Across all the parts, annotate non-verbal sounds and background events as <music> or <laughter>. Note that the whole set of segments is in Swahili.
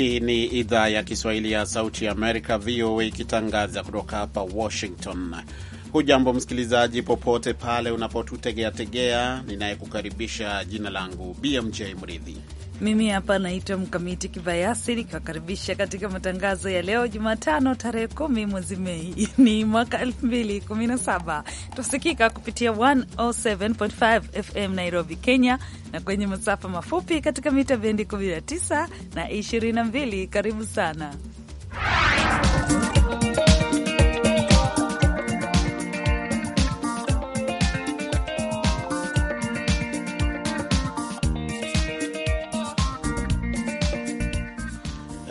Hii ni idhaa ya Kiswahili ya Sauti Amerika, VOA, ikitangaza kutoka hapa Washington. Hujambo msikilizaji, popote pale unapotutegeategea. Ninayekukaribisha jina langu BMJ Mridhi mimi hapa naitwa Mkamiti Kibayasi nikiwakaribisha katika matangazo ya leo Jumatano tarehe kumi mwezi Mei <laughs> ni mwaka saba. Tusikika kupitia 107.5 FM Nairobi, Kenya na kwenye masafa mafupi katika mita bendi 19 na 22. Karibu sana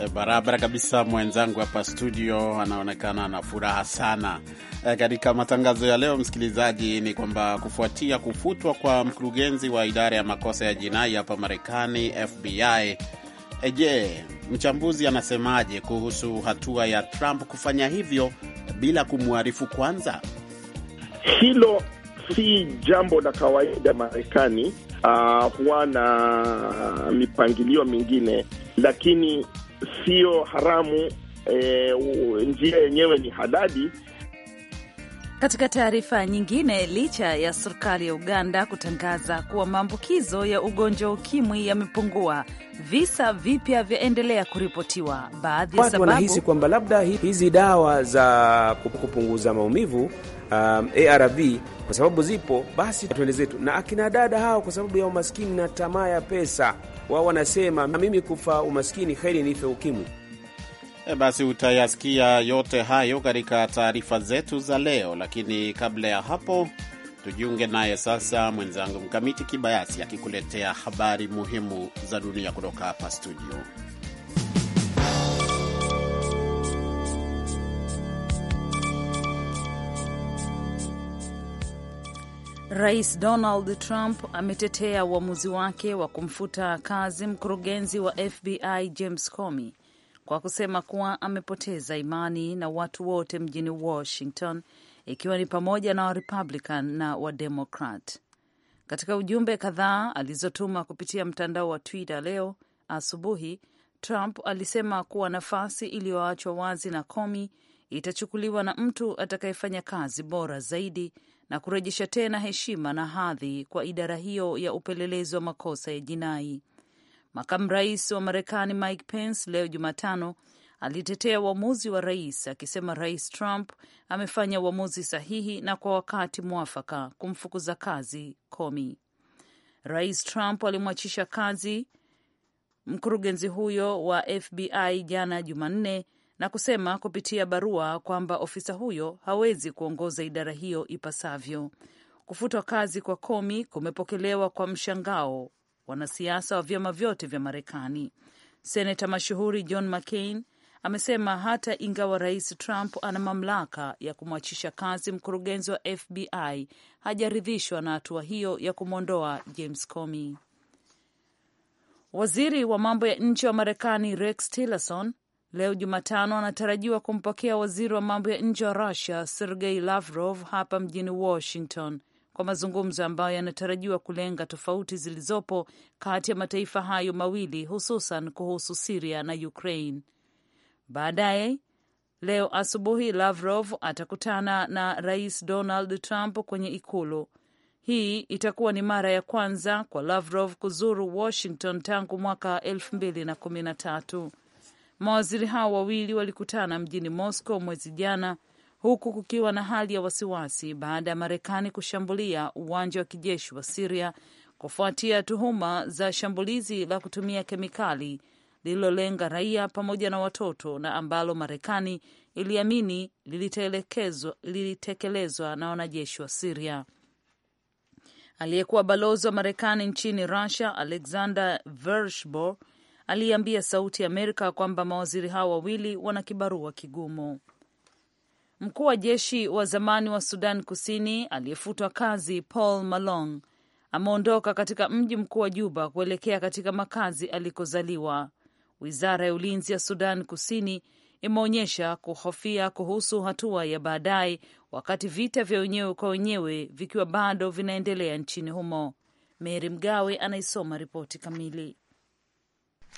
Eh, barabara kabisa, mwenzangu hapa studio anaonekana na furaha sana eh, katika matangazo ya leo. Msikilizaji, ni kwamba kufuatia kufutwa kwa mkurugenzi wa idara ya makosa ya jinai hapa Marekani, FBI. Eh, je, mchambuzi anasemaje kuhusu hatua ya Trump kufanya hivyo bila kumwarifu kwanza? Hilo si jambo la kawaida Marekani. Uh, huwa na mipangilio mingine, lakini sio haramu e, njia yenyewe ni halali. Katika taarifa nyingine, licha ya serikali ya Uganda kutangaza kuwa maambukizo ya ugonjwa wa ukimwi yamepungua, visa vipya vyaendelea kuripotiwa. Baadhi ya sababu wanahisi kwamba labda hizi dawa za kupunguza maumivu um, ARV kwa sababu zipo, basi tuende zetu na akina dada hao, kwa sababu ya umaskini na tamaa ya pesa wao wanasema mimi kufa umaskini heri nife ukimwi. E, basi utayasikia yote hayo katika taarifa zetu za leo, lakini kabla ya hapo tujiunge naye sasa mwenzangu Mkamiti Kibayasi akikuletea habari muhimu za dunia kutoka hapa studio. Rais Donald Trump ametetea uamuzi wake wa kumfuta kazi mkurugenzi wa FBI James Comey kwa kusema kuwa amepoteza imani na watu wote mjini Washington, ikiwa ni pamoja na Warepublican na Wademokrat. Katika ujumbe kadhaa alizotuma kupitia mtandao wa Twitter leo asubuhi, Trump alisema kuwa nafasi iliyoachwa wazi na Comey itachukuliwa na mtu atakayefanya kazi bora zaidi na kurejesha tena heshima na hadhi kwa idara hiyo ya upelelezi wa makosa ya jinai. Makamu rais wa Marekani Mike Pence leo Jumatano alitetea uamuzi wa rais akisema Rais Trump amefanya uamuzi sahihi na kwa wakati mwafaka kumfukuza kazi Comey. Rais Trump alimwachisha kazi mkurugenzi huyo wa FBI jana Jumanne na kusema kupitia barua kwamba ofisa huyo hawezi kuongoza idara hiyo ipasavyo. Kufutwa kazi kwa Komi kumepokelewa kwa mshangao wanasiasa wa vyama vyote vya Marekani. Seneta mashuhuri John McCain amesema hata ingawa rais Trump ana mamlaka ya kumwachisha kazi mkurugenzi wa FBI, hajaridhishwa na hatua hiyo ya kumwondoa James Comey. Waziri wa mambo ya nje wa Marekani Rex Tillerson Leo Jumatano anatarajiwa kumpokea waziri wa mambo ya nje wa Rusia Sergei Lavrov hapa mjini Washington kwa mazungumzo ambayo yanatarajiwa kulenga tofauti zilizopo kati ya mataifa hayo mawili hususan kuhusu Siria na Ukraine. Baadaye leo asubuhi, Lavrov atakutana na Rais Donald Trump kwenye Ikulu. Hii itakuwa ni mara ya kwanza kwa Lavrov kuzuru Washington tangu mwaka elfu mbili na kumi na tatu. Mawaziri hao wawili walikutana mjini Moscow mwezi jana huku kukiwa na hali ya wasiwasi baada ya Marekani kushambulia uwanja wa kijeshi wa Siria kufuatia tuhuma za shambulizi la kutumia kemikali lililolenga raia pamoja na watoto na ambalo Marekani iliamini lilitekelezwa na wanajeshi wa Siria. Aliyekuwa balozi wa Marekani nchini Russia Alexander vershbor aliyeambia Sauti ya Amerika kwamba mawaziri hao wawili wana kibarua kigumu. Mkuu wa jeshi wa zamani wa Sudan Kusini aliyefutwa kazi Paul Malong ameondoka katika mji mkuu wa Juba kuelekea katika makazi alikozaliwa. Wizara ya ulinzi ya Sudan Kusini imeonyesha kuhofia kuhusu hatua ya baadaye, wakati vita vya wenyewe kwa wenyewe vikiwa bado vinaendelea nchini humo. mery Mgawe anaisoma ripoti kamili.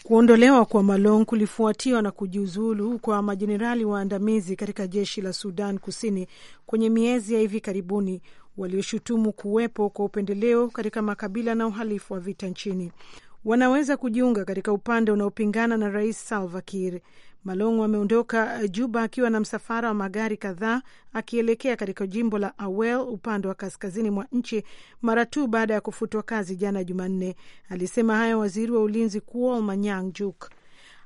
Kuondolewa kwa Malong kulifuatiwa na kujiuzulu kwa majenerali waandamizi katika jeshi la Sudan Kusini kwenye miezi ya hivi karibuni, walioshutumu kuwepo kwa upendeleo katika makabila na uhalifu wa vita nchini. Wanaweza kujiunga katika upande unaopingana na Rais Salva Kiir Malongo ameondoka eh, Juba akiwa na msafara wa magari kadhaa akielekea katika jimbo la Awel upande wa kaskazini mwa nchi mara tu baada ya kufutwa kazi jana Jumanne. Alisema hayo waziri wa ulinzi Kuol Manyang Juk.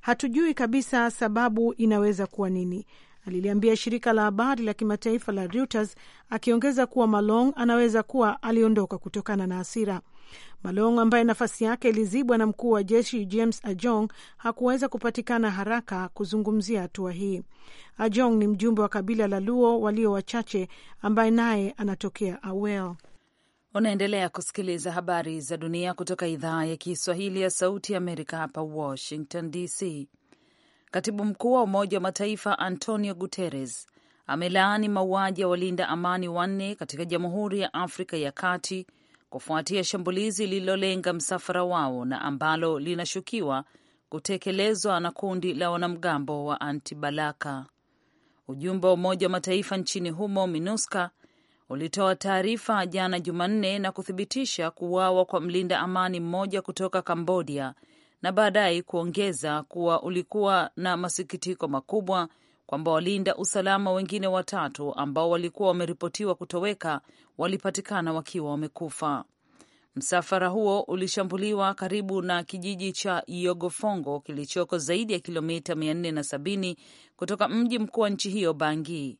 Hatujui kabisa sababu inaweza kuwa nini, aliliambia shirika la habari la kimataifa la Reuters, akiongeza kuwa Malong anaweza kuwa aliondoka kutokana na hasira. Malong ambaye nafasi yake ilizibwa na mkuu wa jeshi James Ajong hakuweza kupatikana haraka kuzungumzia hatua hii. Ajong ni mjumbe wa kabila la Luo walio wachache ambaye naye anatokea Awel. Unaendelea kusikiliza habari za dunia kutoka idhaa ya Kiswahili ya Sauti ya Amerika, hapa Washington DC. Katibu mkuu wa Umoja wa Mataifa Antonio Guterres amelaani mauaji ya walinda amani wanne katika Jamhuri ya Afrika ya Kati kufuatia shambulizi lililolenga msafara wao na ambalo linashukiwa kutekelezwa na kundi la wanamgambo wa Antibalaka. Ujumbe wa Umoja wa Mataifa nchini humo MINUSCA ulitoa taarifa jana Jumanne na kuthibitisha kuuawa kwa mlinda amani mmoja kutoka Kambodia na baadaye kuongeza kuwa ulikuwa na masikitiko makubwa kwamba walinda usalama wengine watatu ambao walikuwa wameripotiwa kutoweka walipatikana wakiwa wamekufa. Msafara huo ulishambuliwa karibu na kijiji cha Yogofongo kilichoko zaidi ya kilomita 470 kutoka mji mkuu wa nchi hiyo Bangi.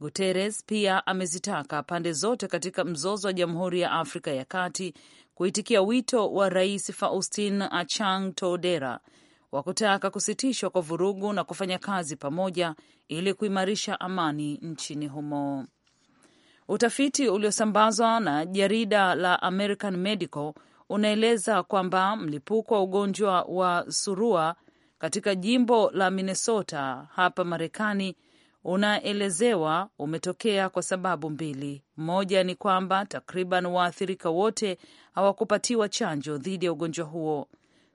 Guterres pia amezitaka pande zote katika mzozo wa Jamhuri ya Afrika ya Kati kuitikia wito wa Rais Faustin Achang Toudera wa kutaka kusitishwa kwa vurugu na kufanya kazi pamoja ili kuimarisha amani nchini humo. Utafiti uliosambazwa na jarida la American Medical unaeleza kwamba mlipuko wa ugonjwa wa surua katika jimbo la Minnesota hapa Marekani unaelezewa umetokea kwa sababu mbili. Moja ni kwamba takriban waathirika wote hawakupatiwa chanjo dhidi ya ugonjwa huo.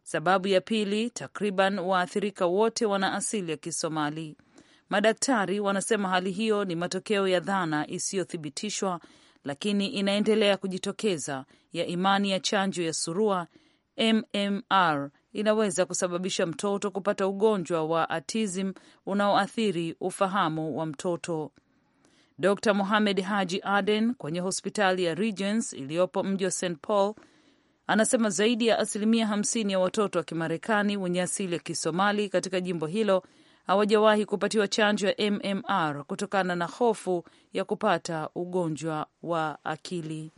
Sababu ya pili, takriban waathirika wote wana asili ya Kisomali. Madaktari wanasema hali hiyo ni matokeo ya dhana isiyothibitishwa lakini inaendelea kujitokeza ya imani ya chanjo ya surua MMR inaweza kusababisha mtoto kupata ugonjwa wa autism unaoathiri ufahamu wa mtoto. Dr Mohamed Haji Aden kwenye hospitali ya Regents iliyopo mji wa St Paul anasema zaidi ya asilimia 50 ya watoto wa Kimarekani wenye asili ya Kisomali katika jimbo hilo hawajawahi kupatiwa chanjo ya MMR kutokana na hofu ya kupata ugonjwa wa akili.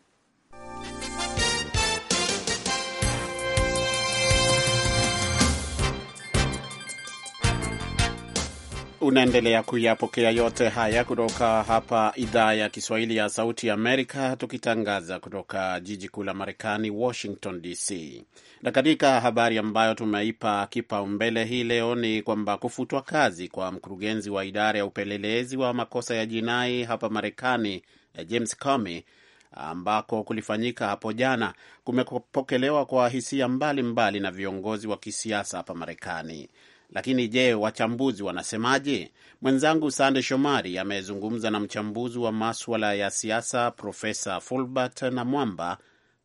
Unaendelea kuyapokea yote haya kutoka hapa idhaa ya Kiswahili ya Sauti Amerika, tukitangaza kutoka jiji kuu la Marekani, Washington DC. Na katika habari ambayo tumeipa kipaumbele hii leo ni kwamba kufutwa kazi kwa mkurugenzi wa idara ya upelelezi wa makosa ya jinai hapa Marekani, James Comey ambako kulifanyika hapo jana kumepokelewa kwa hisia mbalimbali mbali na viongozi wa kisiasa hapa Marekani. Lakini je, wachambuzi wanasemaje? Mwenzangu Sande Shomari amezungumza na mchambuzi wa maswala ya siasa Profesa Fulbert na Mwamba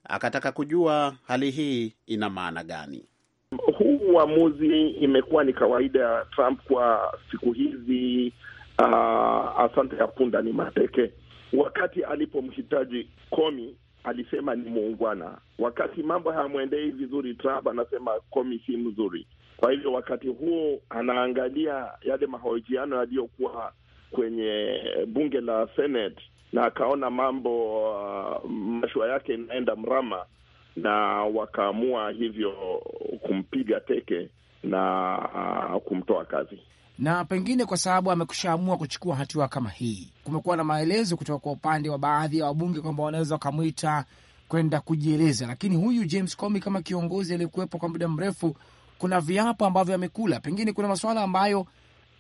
akataka kujua hali hii ina maana gani. Huu uamuzi imekuwa ni kawaida ya Trump kwa siku hizi. Uh, asante ya punda ni mateke. Wakati alipomhitaji Komi alisema ni muungwana. Wakati mambo hayamwendei vizuri, Trump anasema Komi si mzuri. Kwa hivyo wakati huo anaangalia yale mahojiano yaliyokuwa kwenye bunge la Senate na akaona mambo uh, mashua yake inaenda mrama, na wakaamua hivyo kumpiga teke na uh, kumtoa kazi na pengine kwa sababu amekushaamua kuchukua hatua kama hii, kumekuwa na maelezo kutoka kwa upande wa baadhi ya wabunge kwamba wanaweza wakamwita kwenda kujieleza, lakini huyu James Comey kama kiongozi aliyekuwepo kwa muda mrefu kuna viapo ambavyo amekula, pengine kuna masuala ambayo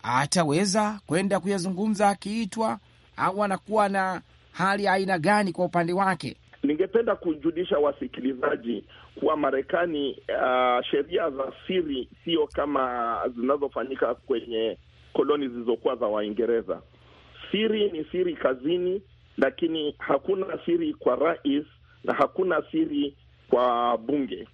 ataweza kwenda kuyazungumza akiitwa, au anakuwa na hali ya aina gani kwa upande wake? Ningependa kujulisha wasikilizaji kuwa Marekani, uh, sheria za siri sio kama zinazofanyika kwenye koloni zilizokuwa za Waingereza. Siri ni siri kazini, lakini hakuna siri kwa rais na hakuna siri kwa bunge.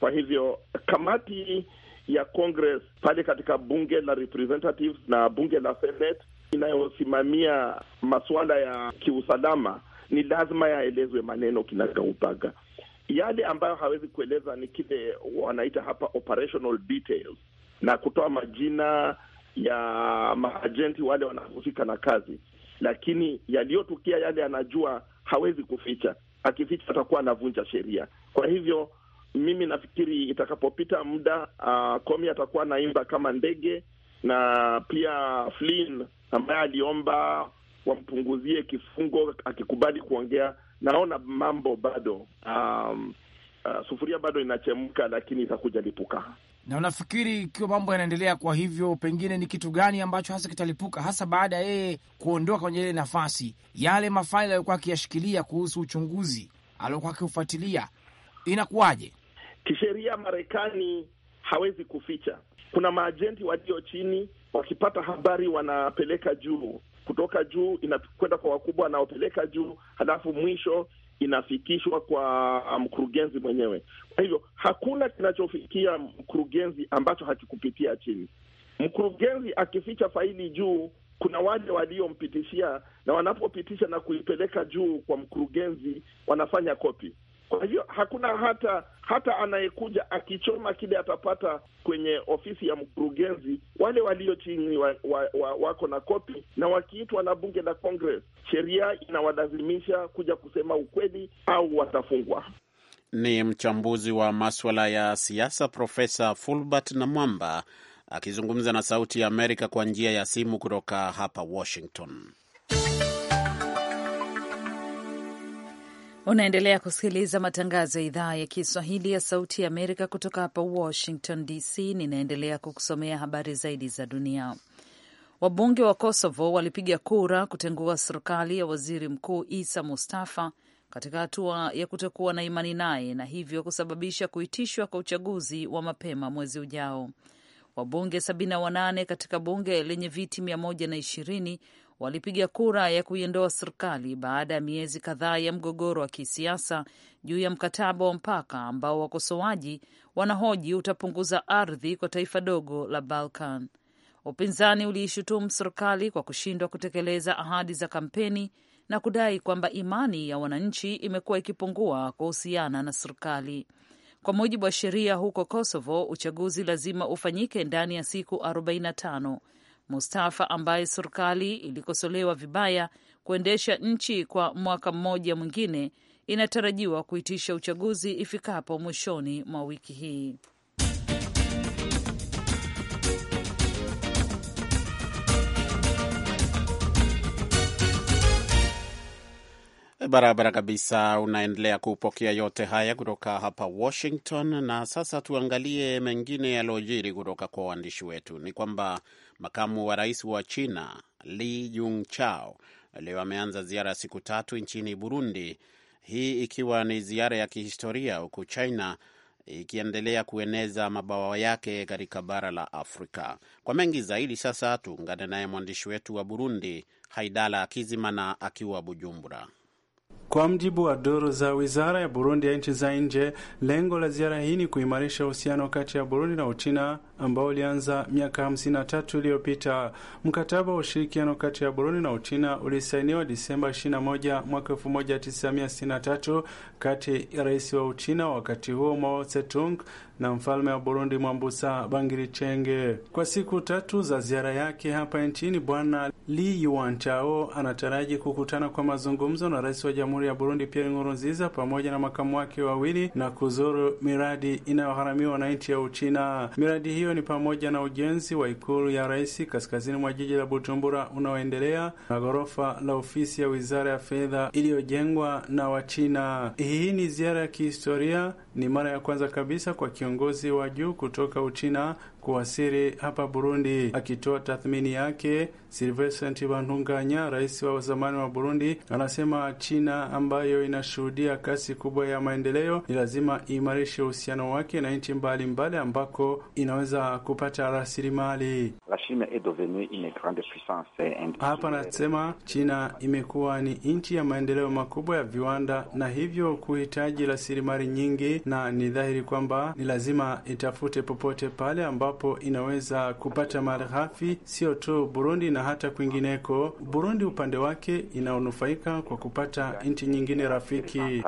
Kwa hivyo kamati ya Congress pale katika bunge la Representatives na bunge la Senate inayosimamia masuala ya kiusalama ni lazima yaelezwe maneno kinagaubaga. Yale ambayo hawezi kueleza ni kile wanaita hapa operational details, na kutoa majina ya maajenti wale wanahusika na kazi, lakini yaliyotukia yale anajua, hawezi kuficha. Akificha atakuwa anavunja sheria. Kwa hivyo mimi nafikiri itakapopita muda uh, Komi atakuwa naimba kama ndege, na pia Flynn ambaye aliomba wampunguzie kifungo akikubali kuongea, naona mambo bado um, uh, sufuria bado inachemka, lakini itakuja lipuka. Na unafikiri ikiwa mambo yanaendelea kwa hivyo, pengine ni kitu gani ambacho hasa kitalipuka, hasa baada ya yeye kuondoka kwenye ile nafasi? Yale mafaili aliyokuwa akiyashikilia kuhusu uchunguzi aliokuwa akiufuatilia inakuwaje? Kisheria Marekani hawezi kuficha, kuna maajenti walio chini, wakipata habari wanapeleka juu, kutoka juu inakwenda kwa wakubwa wanaopeleka juu, halafu mwisho inafikishwa kwa um, mkurugenzi mwenyewe. Kwa hivyo hakuna kinachofikia mkurugenzi ambacho hakikupitia chini. Mkurugenzi akificha faili juu, kuna wale waliompitishia, na wanapopitisha na kuipeleka juu kwa mkurugenzi, wanafanya kopi. Kwa hiyo hakuna hata hata anayekuja akichoma kile atapata kwenye ofisi ya mkurugenzi. Wale walio chini wa, wa, wa, wako na kopi, na wakiitwa na bunge la Congress, sheria inawalazimisha kuja kusema ukweli au watafungwa. Ni mchambuzi wa maswala ya siasa Profesa Fulbert Namwamba akizungumza na Sauti ya Amerika kwa njia ya simu kutoka hapa Washington. Unaendelea kusikiliza matangazo ya idhaa ya Kiswahili ya Sauti ya Amerika kutoka hapa Washington DC. Ninaendelea kukusomea habari zaidi za dunia. Wabunge wa Kosovo walipiga kura kutengua serikali ya waziri mkuu Isa Mustafa katika hatua ya kutokuwa na imani naye na hivyo kusababisha kuitishwa kwa uchaguzi wa mapema mwezi ujao. Wabunge 78 katika bunge lenye viti 120 walipiga kura ya kuiondoa serikali baada ya miezi kadhaa ya mgogoro wa kisiasa juu ya mkataba wa mpaka ambao wakosoaji wanahoji utapunguza ardhi kwa taifa dogo la Balkan. Upinzani uliishutumu serikali kwa kushindwa kutekeleza ahadi za kampeni na kudai kwamba imani ya wananchi imekuwa ikipungua kuhusiana na serikali. Kwa mujibu wa sheria huko Kosovo, uchaguzi lazima ufanyike ndani ya siku 45 Mustafa ambaye serikali ilikosolewa vibaya kuendesha nchi kwa mwaka mmoja mwingine inatarajiwa kuitisha uchaguzi ifikapo mwishoni mwa wiki hii. Barabara kabisa. Unaendelea kupokea yote haya kutoka hapa Washington, na sasa tuangalie mengine yaliyojiri kutoka kwa waandishi wetu. Ni kwamba Makamu wa rais wa China Li yung Chao leo ameanza ziara ya siku tatu nchini Burundi, hii ikiwa ni ziara ya kihistoria, huku China ikiendelea kueneza mabawa yake katika bara la Afrika. Kwa mengi zaidi, sasa tuungane naye mwandishi wetu wa Burundi, Haidala Akizimana akiwa Bujumbura. Kwa mjibu wa duru za wizara ya Burundi ya nchi za nje, lengo la ziara hii ni kuimarisha uhusiano kati ya Burundi na Uchina ambao ulianza miaka 53 iliyopita. Mkataba wa ushirikiano kati ya Burundi na Uchina ulisainiwa Disemba 21 mwaka 1963 kati ya rais wa Uchina wakati huo Mao tse na mfalme wa Burundi Mwambusa Bangirichenge. Kwa siku tatu za ziara yake hapa nchini, Bwana Li Yuanchao anataraji kukutana kwa mazungumzo na rais wa jamhuri ya Burundi Pierre Nkurunziza pamoja na makamu wake wawili na kuzuru miradi inayoharamiwa na nchi ya Uchina. Miradi hiyo hiyo ni pamoja na ujenzi wa ikulu ya rais kaskazini mwa jiji la Bujumbura unaoendelea na ghorofa la ofisi ya wizara ya fedha iliyojengwa na Wachina. Hii ni ziara ya kihistoria, ni mara ya kwanza kabisa kwa kiongozi wa juu kutoka Uchina kuwasiri hapa Burundi. Akitoa tathmini yake, Silvesenti banunganya rais wa zamani wa Burundi, anasema China ambayo inashuhudia kasi kubwa ya maendeleo ni lazima iimarishe uhusiano wake na nchi mbalimbali ambako inaweza kupata rasilimali. Hapa anasema China imekuwa ni nchi ya maendeleo makubwa ya viwanda na hivyo kuhitaji rasilimali nyingi, na ni dhahiri kwamba ni lazima itafute popote pale amba ambapo inaweza kupata ghafi sio tu Burundi na hata kwingineko. Burundi upande wake inaonufaika kwa kupata nchi nyingine rafiki.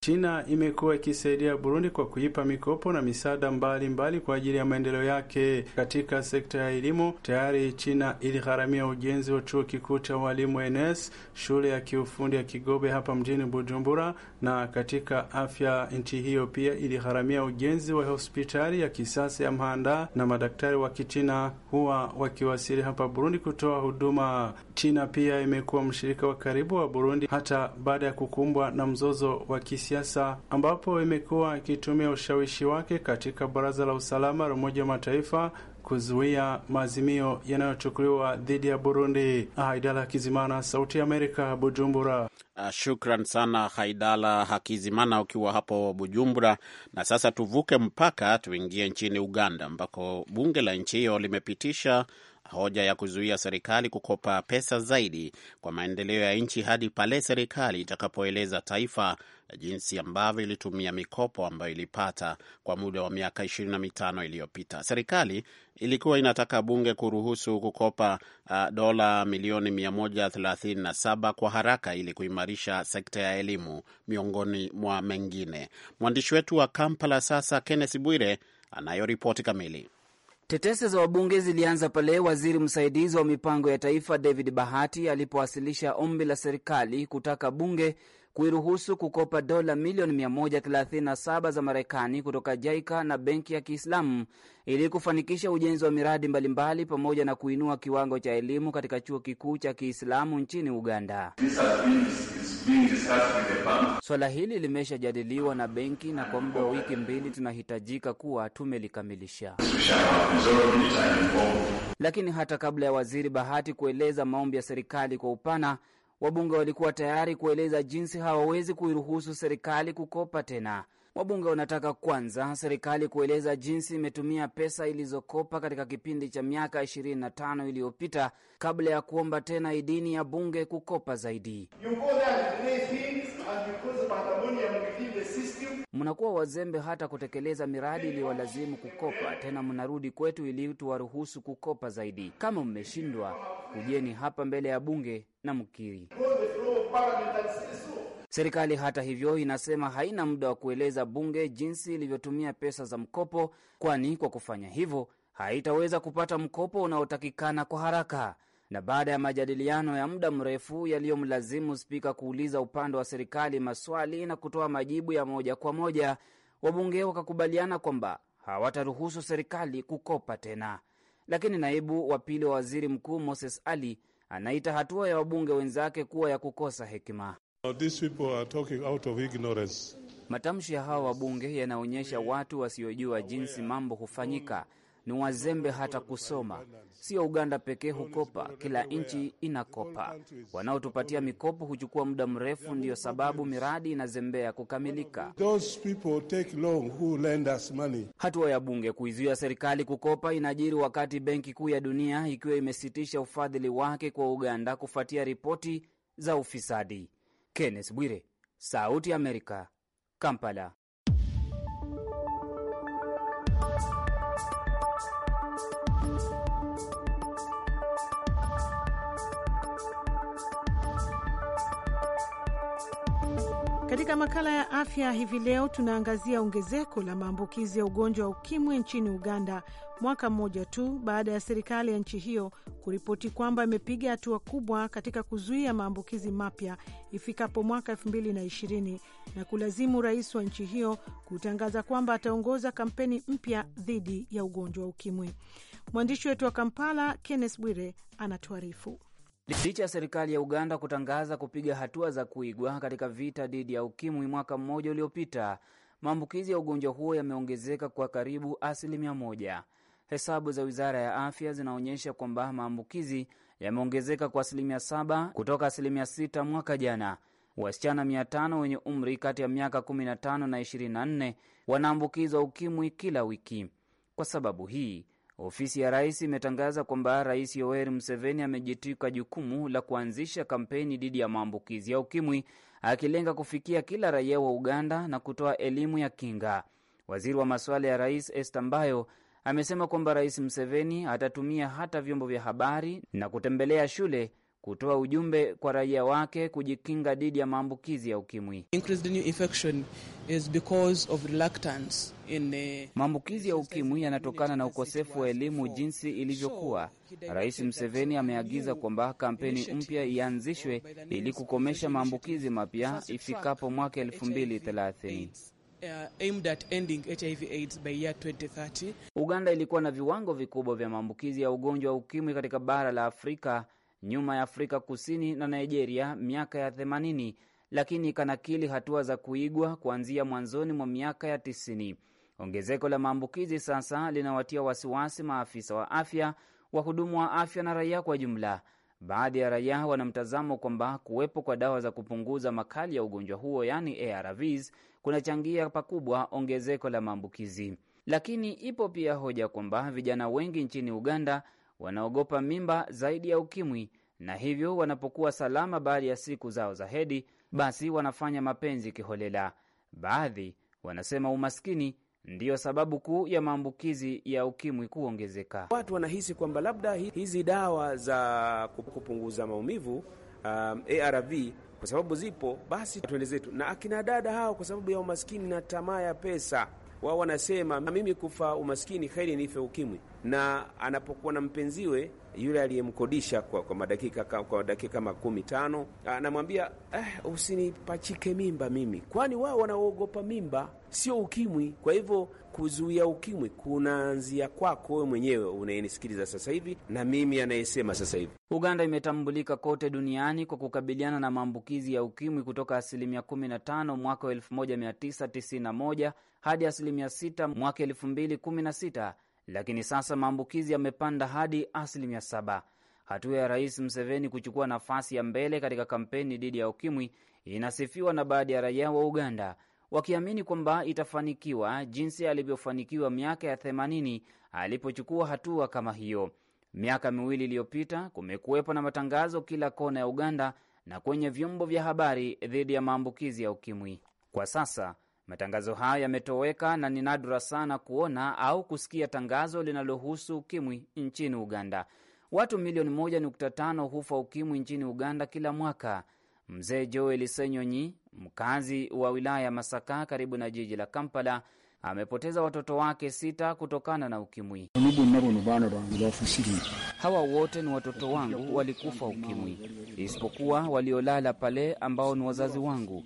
China imekuwa ikisaidia Burundi kwa kuipa mikopo na misaada mbalimbali kwa ajili ya maendeleo yake. Katika sekta ya elimu, tayari China iligharamia ujenzi wa chuo kikuu cha walimu NS, shule ya kiufundi ya Kigobe hapa mjini Bujumbura, na katika afya, nchi hiyo pia iligharamia ujenzi wa hospitali hospitali ya kisasa ya Mhanda na madaktari wa Kichina huwa wakiwasili hapa Burundi kutoa huduma. China pia imekuwa mshirika wa karibu wa Burundi hata baada ya kukumbwa na mzozo wa kisiasa, ambapo imekuwa ikitumia ushawishi wake katika Baraza la Usalama la Umoja wa Mataifa kuzuia maazimio yanayochukuliwa dhidi ya Burundi. Haidala Kizimana, Sauti ya Amerika, Bujumbura. Ah, shukran sana Haidala Hakizimana ukiwa hapo Bujumbura. Na sasa tuvuke mpaka tuingie nchini Uganda ambako bunge la nchi hiyo limepitisha hoja ya kuzuia serikali kukopa pesa zaidi kwa maendeleo ya nchi hadi pale serikali itakapoeleza taifa jinsi ambavyo ilitumia mikopo ambayo ilipata kwa muda wa miaka ishirini na mitano iliyopita. Serikali ilikuwa inataka bunge kuruhusu kukopa uh, dola milioni saba kwa haraka ili kuimarisha sekta ya elimu miongoni mwa mengine. Mwandishi wetu wa Kampala sasa Kenneth Bwire anayo ripoti kamili. Tetesi za wabunge zilianza pale waziri msaidizi wa mipango ya taifa David Bahati alipowasilisha ombi la serikali kutaka bunge kuiruhusu kukopa dola milioni 137 za Marekani kutoka JICA na Benki ya Kiislamu ili kufanikisha ujenzi wa miradi mbalimbali pamoja na kuinua kiwango cha elimu katika chuo kikuu cha Kiislamu nchini Uganda. Swala hili limeshajadiliwa na benki na kwa muda wa wiki mbili tunahitajika kuwa tumelikamilisha. Lakini hata kabla ya Waziri Bahati kueleza maombi ya serikali kwa upana Wabunge walikuwa tayari kueleza jinsi hawawezi kuiruhusu serikali kukopa tena Wabunge wanataka kwanza serikali kueleza jinsi imetumia pesa ilizokopa katika kipindi cha miaka 25 iliyopita kabla ya kuomba tena idini ya bunge kukopa zaidi. Mnakuwa wazembe hata kutekeleza miradi iliyowalazimu kukopa, tena mnarudi kwetu ili tuwaruhusu kukopa zaidi. Kama mmeshindwa, kujeni hapa mbele ya bunge na mkiri Serikali hata hivyo inasema haina muda wa kueleza bunge jinsi ilivyotumia pesa za mkopo, kwani kwa kufanya hivyo haitaweza kupata mkopo unaotakikana kwa haraka. Na baada ya majadiliano ya muda mrefu yaliyomlazimu spika kuuliza upande wa serikali maswali na kutoa majibu ya moja kwa moja, wabunge wakakubaliana kwamba hawataruhusu serikali kukopa tena. Lakini naibu wa pili wa waziri mkuu Moses Ali anaita hatua ya wabunge wenzake kuwa ya kukosa hekima. Matamshi ya hawa wabunge yanaonyesha watu wasiojua jinsi mambo hufanyika ni wazembe hata kusoma. Sio Uganda pekee hukopa, kila nchi inakopa. Wanaotupatia mikopo huchukua muda mrefu, ndiyo sababu miradi inazembea kukamilika. Hatua ya bunge kuizuia serikali kukopa inajiri wakati Benki Kuu ya Dunia ikiwa imesitisha ufadhili wake kwa Uganda kufuatia ripoti za ufisadi. Kenneth Bwire, Sauti ya Amerika, Kampala. Katika makala ya afya hivi leo tunaangazia ongezeko la maambukizi ya ugonjwa wa ukimwi nchini Uganda mwaka mmoja tu baada ya serikali ya nchi hiyo kuripoti kwamba imepiga hatua kubwa katika kuzuia maambukizi mapya ifikapo mwaka 2020 na kulazimu rais wa nchi hiyo kutangaza kwamba ataongoza kampeni mpya dhidi ya ugonjwa wa ukimwi. Mwandishi wetu wa Kampala Kenneth Bwire anatuarifu. Licha ya serikali ya Uganda kutangaza kupiga hatua za kuigwa katika vita dhidi ya ukimwi mwaka mmoja uliopita, maambukizi ya ugonjwa huo yameongezeka kwa karibu asilimia moja. Hesabu za wizara ya afya zinaonyesha kwamba maambukizi yameongezeka kwa asilimia saba kutoka asilimia sita mwaka jana. Wasichana mia tano wenye umri kati ya miaka 15 na 24 wanaambukizwa ukimwi kila wiki. Kwa sababu hii Ofisi ya rais imetangaza kwamba Rais Yoweri Museveni amejitwika jukumu la kuanzisha kampeni dhidi ya maambukizi ya ukimwi, akilenga kufikia kila raia wa Uganda na kutoa elimu ya kinga. Waziri wa masuala ya rais Esther Mbayo amesema kwamba Rais Museveni atatumia hata vyombo vya habari na kutembelea shule kutoa ujumbe kwa raia wake kujikinga dhidi ya maambukizi ya ukimwi. Uh, maambukizi ya ukimwi yanatokana na ukosefu wa elimu jinsi ilivyokuwa. Rais Mseveni ameagiza kwamba kampeni mpya ianzishwe ili kukomesha maambukizi mapya ifikapo mwaka elfu mbili thelathini. Uh, aimed at ending HIV AIDS by year 2030. Uganda ilikuwa na viwango vikubwa vya maambukizi ya ugonjwa wa ukimwi katika bara la Afrika nyuma ya Afrika Kusini na Nigeria miaka ya 80 lakini ikanakili hatua za kuigwa kuanzia mwanzoni mwa miaka ya 90. Ongezeko la maambukizi sasa linawatia wasiwasi maafisa wa afya, wahudumu wa afya na raia kwa jumla. Baadhi ya raia wana mtazamo kwamba kuwepo kwa dawa za kupunguza makali ya ugonjwa huo, yaani ARVs, kunachangia pakubwa ongezeko la maambukizi. Lakini ipo pia hoja kwamba vijana wengi nchini Uganda wanaogopa mimba zaidi ya ukimwi na hivyo wanapokuwa salama baada ya siku zao za hedhi, basi wanafanya mapenzi kiholela. Baadhi wanasema umaskini ndiyo sababu kuu ya maambukizi ya ukimwi kuongezeka. Watu wanahisi kwamba labda hizi dawa za kupunguza maumivu um, ARV kwa sababu zipo, basi twende zetu. Na akina dada hao, kwa sababu ya umaskini na tamaa ya pesa, wao wanasema mimi kufa umaskini heri nife ukimwi na anapokuwa na mpenziwe yule aliyemkodisha kwa, kwa madakika kwa dakika makumi tano anamwambia eh, usinipachike mimba mimi, kwani wao wanaogopa mimba sio ukimwi. Kwa hivyo kuzuia ukimwi kunaanzia kwako wewe mwenyewe unayenisikiliza sasa hivi na mimi anayesema sasa hivi. Uganda imetambulika kote duniani kwa kukabiliana na maambukizi ya ukimwi kutoka asilimia 15 mwaka 1991 hadi asilimia 6 mwaka 2016 lakini sasa maambukizi yamepanda hadi asilimia saba. Hatua ya Rais Mseveni kuchukua nafasi ya mbele katika kampeni dhidi ya ukimwi inasifiwa na baadhi ya raia wa Uganda wakiamini kwamba itafanikiwa jinsi alivyofanikiwa miaka ya 80 alipochukua hatua kama hiyo. Miaka miwili iliyopita kumekuwepo na matangazo kila kona ya Uganda na kwenye vyombo vya habari dhidi ya maambukizi ya ukimwi. Kwa sasa Matangazo haya yametoweka na ni nadra sana kuona au kusikia tangazo linalohusu ukimwi nchini Uganda. Watu milioni 1.5 hufa ukimwi nchini Uganda kila mwaka. Mzee Joel Senyonyi, mkazi wa wilaya ya Masaka karibu na jiji la Kampala, amepoteza watoto wake sita kutokana na ukimwi. Hawa wote ni watoto wangu, walikufa ukimwi, isipokuwa waliolala pale ambao ni wazazi wangu.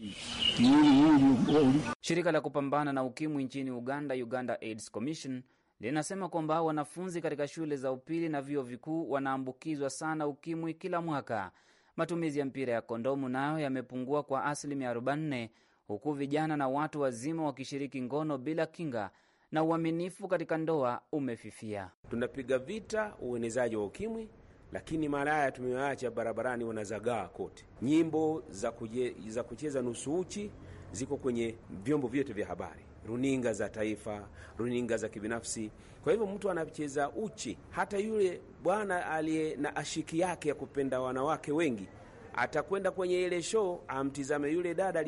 Shirika la kupambana na ukimwi nchini Uganda, Uganda AIDS Commission, linasema kwamba wanafunzi katika shule za upili na vyuo vikuu wanaambukizwa sana ukimwi kila mwaka. Matumizi ya mpira ya kondomu nayo yamepungua kwa asilimia huku vijana na watu wazima wakishiriki ngono bila kinga na uaminifu katika ndoa umefifia. Tunapiga vita uenezaji wa ukimwi, lakini malaya tumewaacha barabarani, wanazagaa kote. Nyimbo za, kuje, za kucheza nusu uchi ziko kwenye vyombo vyote vya habari, runinga za taifa, runinga za kibinafsi. Kwa hivyo mtu anacheza uchi, hata yule bwana aliye na ashiki yake ya kupenda wanawake wengi atakwenda kwenye ile show amtizame yule dada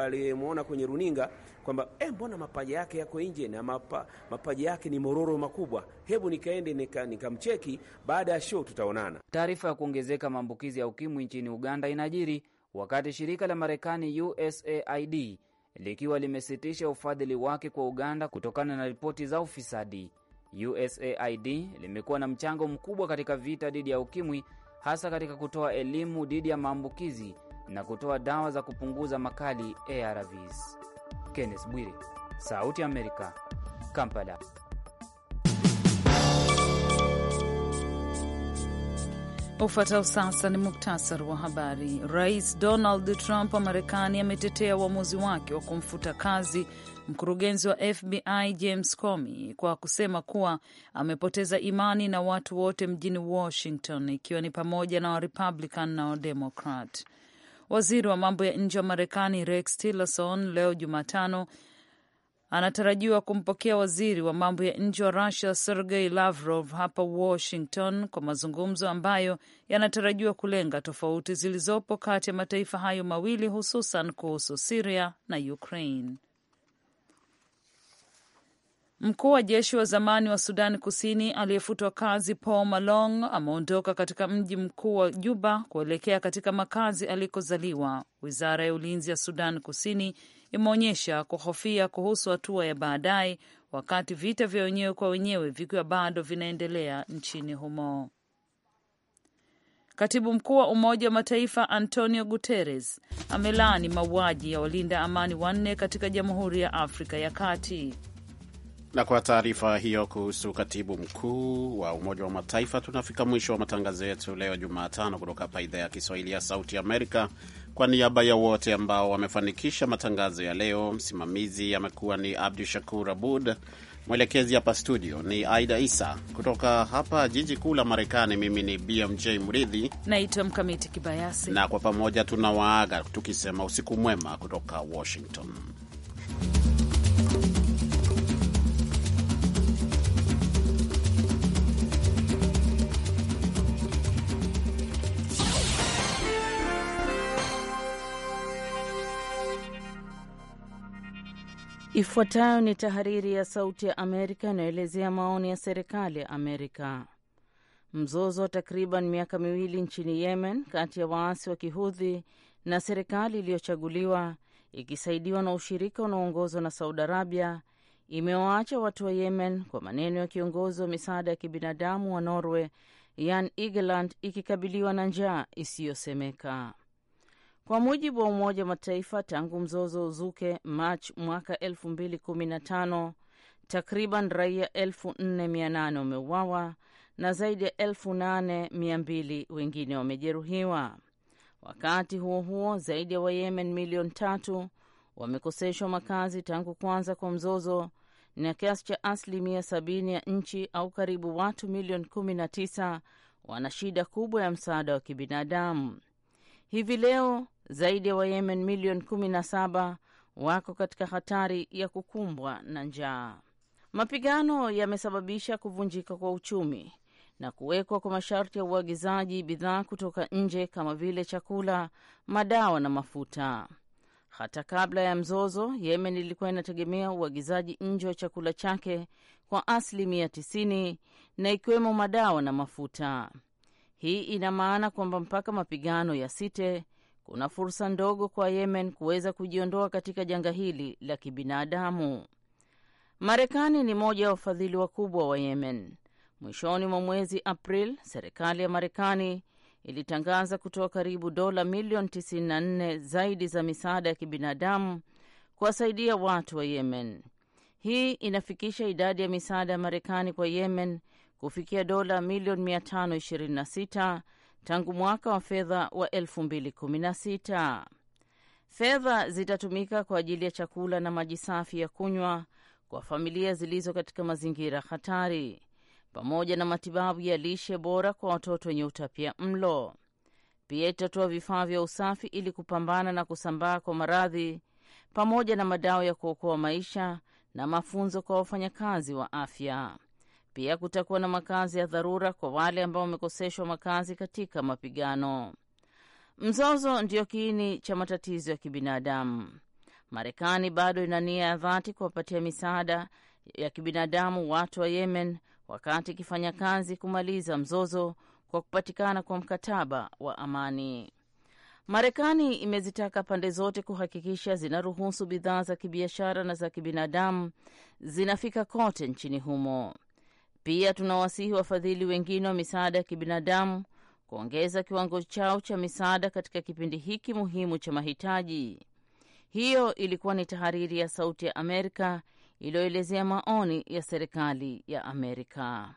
aliyemwona kwenye runinga kwamba eh, mbona mapaja yake yako nje na mapa, mapaja yake ni mororo makubwa, hebu nikaende nikamcheki, nika baada ya show tutaonana. Taarifa ya kuongezeka maambukizi ya ukimwi nchini Uganda inajiri wakati shirika la Marekani USAID likiwa limesitisha ufadhili wake kwa Uganda kutokana na ripoti za ufisadi. USAID limekuwa na mchango mkubwa katika vita dhidi ya ukimwi hasa katika kutoa elimu dhidi ya maambukizi na kutoa dawa za kupunguza makali ARVs. Kenneth Bwire, Sauti ya Amerika, Kampala. Ufuatao sasa ni muktasari wa habari. Rais Donald Trump wa Marekani ametetea uamuzi wake wa kumfuta kazi mkurugenzi wa FBI James Comey kwa kusema kuwa amepoteza imani na watu wote mjini Washington, ikiwa ni pamoja na Warepublican na Wademokrat. Waziri wa mambo ya nje wa Marekani Rex Tillerson leo Jumatano anatarajiwa kumpokea waziri wa mambo ya nje wa Rusia Sergei Lavrov hapa Washington kwa mazungumzo ambayo yanatarajiwa kulenga tofauti zilizopo kati ya mataifa hayo mawili hususan kuhusu Siria na Ukraine. Mkuu wa jeshi wa zamani wa sudani Kusini aliyefutwa kazi Paul Malong ameondoka katika mji mkuu wa Juba kuelekea katika makazi alikozaliwa. Wizara ya ulinzi ya Sudan Kusini imeonyesha kuhofia kuhusu hatua ya baadaye, wakati vita vya wenyewe kwa wenyewe vikiwa bado vinaendelea nchini humo. Katibu mkuu wa Umoja wa Mataifa Antonio Guterres amelaani mauaji ya walinda amani wanne katika Jamhuri ya Afrika ya Kati. Na kwa taarifa hiyo kuhusu katibu mkuu wa Umoja wa Mataifa, tunafika mwisho wa matangazo yetu leo Jumatano kutoka hapa idhaa ya Kiswahili ya Sauti Amerika. Kwa niaba ya wote ambao wamefanikisha matangazo ya leo, msimamizi amekuwa ni Abdu Shakur Abud, mwelekezi hapa studio ni Aida Isa. Kutoka hapa jiji kuu la Marekani, mimi ni BMJ Mridhi, naitwa Mkamiti Kibayasi, na kwa pamoja tunawaaga tukisema usiku mwema kutoka Washington. Ifuatayo ni tahariri ya Sauti ya Amerika inayoelezea maoni ya serikali ya Amerika. Mzozo wa takriban miaka miwili nchini Yemen kati ya waasi wa Kihudhi na serikali iliyochaguliwa ikisaidiwa na ushirika unaoongozwa na Saudi Arabia imewaacha watu wa Yemen, kwa maneno ya kiongozi wa misaada ya kibinadamu wa Norway Jan Egeland, ikikabiliwa na njaa isiyosemeka. Kwa mujibu wa Umoja wa Mataifa, tangu mzozo uzuke Machi mwaka 2015 takriban raia 4800 wameuawa na zaidi ya 8200 wengine wamejeruhiwa. Wakati huo huo, zaidi ya Wayemen milioni tatu wamekoseshwa makazi tangu kuanza kwa mzozo na kiasi cha asilimia 70 ya nchi au karibu watu milioni 19 wana shida kubwa ya msaada wa kibinadamu. Hivi leo zaidi ya wa Wayemen milioni 17 wako katika hatari ya kukumbwa na njaa. Mapigano yamesababisha kuvunjika kwa uchumi na kuwekwa kwa masharti ya uagizaji bidhaa kutoka nje kama vile chakula, madawa na mafuta. Hata kabla ya mzozo, Yemen ilikuwa inategemea uagizaji nje wa chakula chake kwa asilimia 90 na ikiwemo madawa na mafuta. Hii ina maana kwamba mpaka mapigano ya site, kuna fursa ndogo kwa Yemen kuweza kujiondoa katika janga hili la kibinadamu. Marekani ni moja ya wafadhili wakubwa wa Yemen. Mwishoni mwa mwezi april serikali ya Marekani ilitangaza kutoa karibu dola milioni 94 zaidi za misaada ya kibinadamu kuwasaidia watu wa Yemen. Hii inafikisha idadi ya misaada ya Marekani kwa Yemen kufikia dola milioni 526 tangu mwaka wa fedha wa 2016. Fedha zitatumika kwa ajili ya chakula na maji safi ya kunywa kwa familia zilizo katika mazingira hatari pamoja na matibabu ya lishe bora kwa watoto wenye utapia mlo. Pia itatoa vifaa vya usafi ili kupambana na kusambaa kwa maradhi pamoja na madawa ya kuokoa maisha na mafunzo kwa wafanyakazi wa afya. Pia kutakuwa na makazi ya dharura kwa wale ambao wamekoseshwa makazi katika mapigano. Mzozo ndiyo kiini cha matatizo ya kibinadamu. Marekani bado ina nia ya dhati kuwapatia misaada ya kibinadamu watu wa Yemen, wakati ikifanya kazi kumaliza mzozo kwa kupatikana kwa mkataba wa amani. Marekani imezitaka pande zote kuhakikisha zinaruhusu bidhaa za kibiashara na za kibinadamu zinafika kote nchini humo. Pia tunawasihi wafadhili wengine wa misaada ya kibinadamu kuongeza kiwango chao cha misaada katika kipindi hiki muhimu cha mahitaji. Hiyo ilikuwa ni tahariri ya Sauti ya Amerika iliyoelezea maoni ya serikali ya Amerika.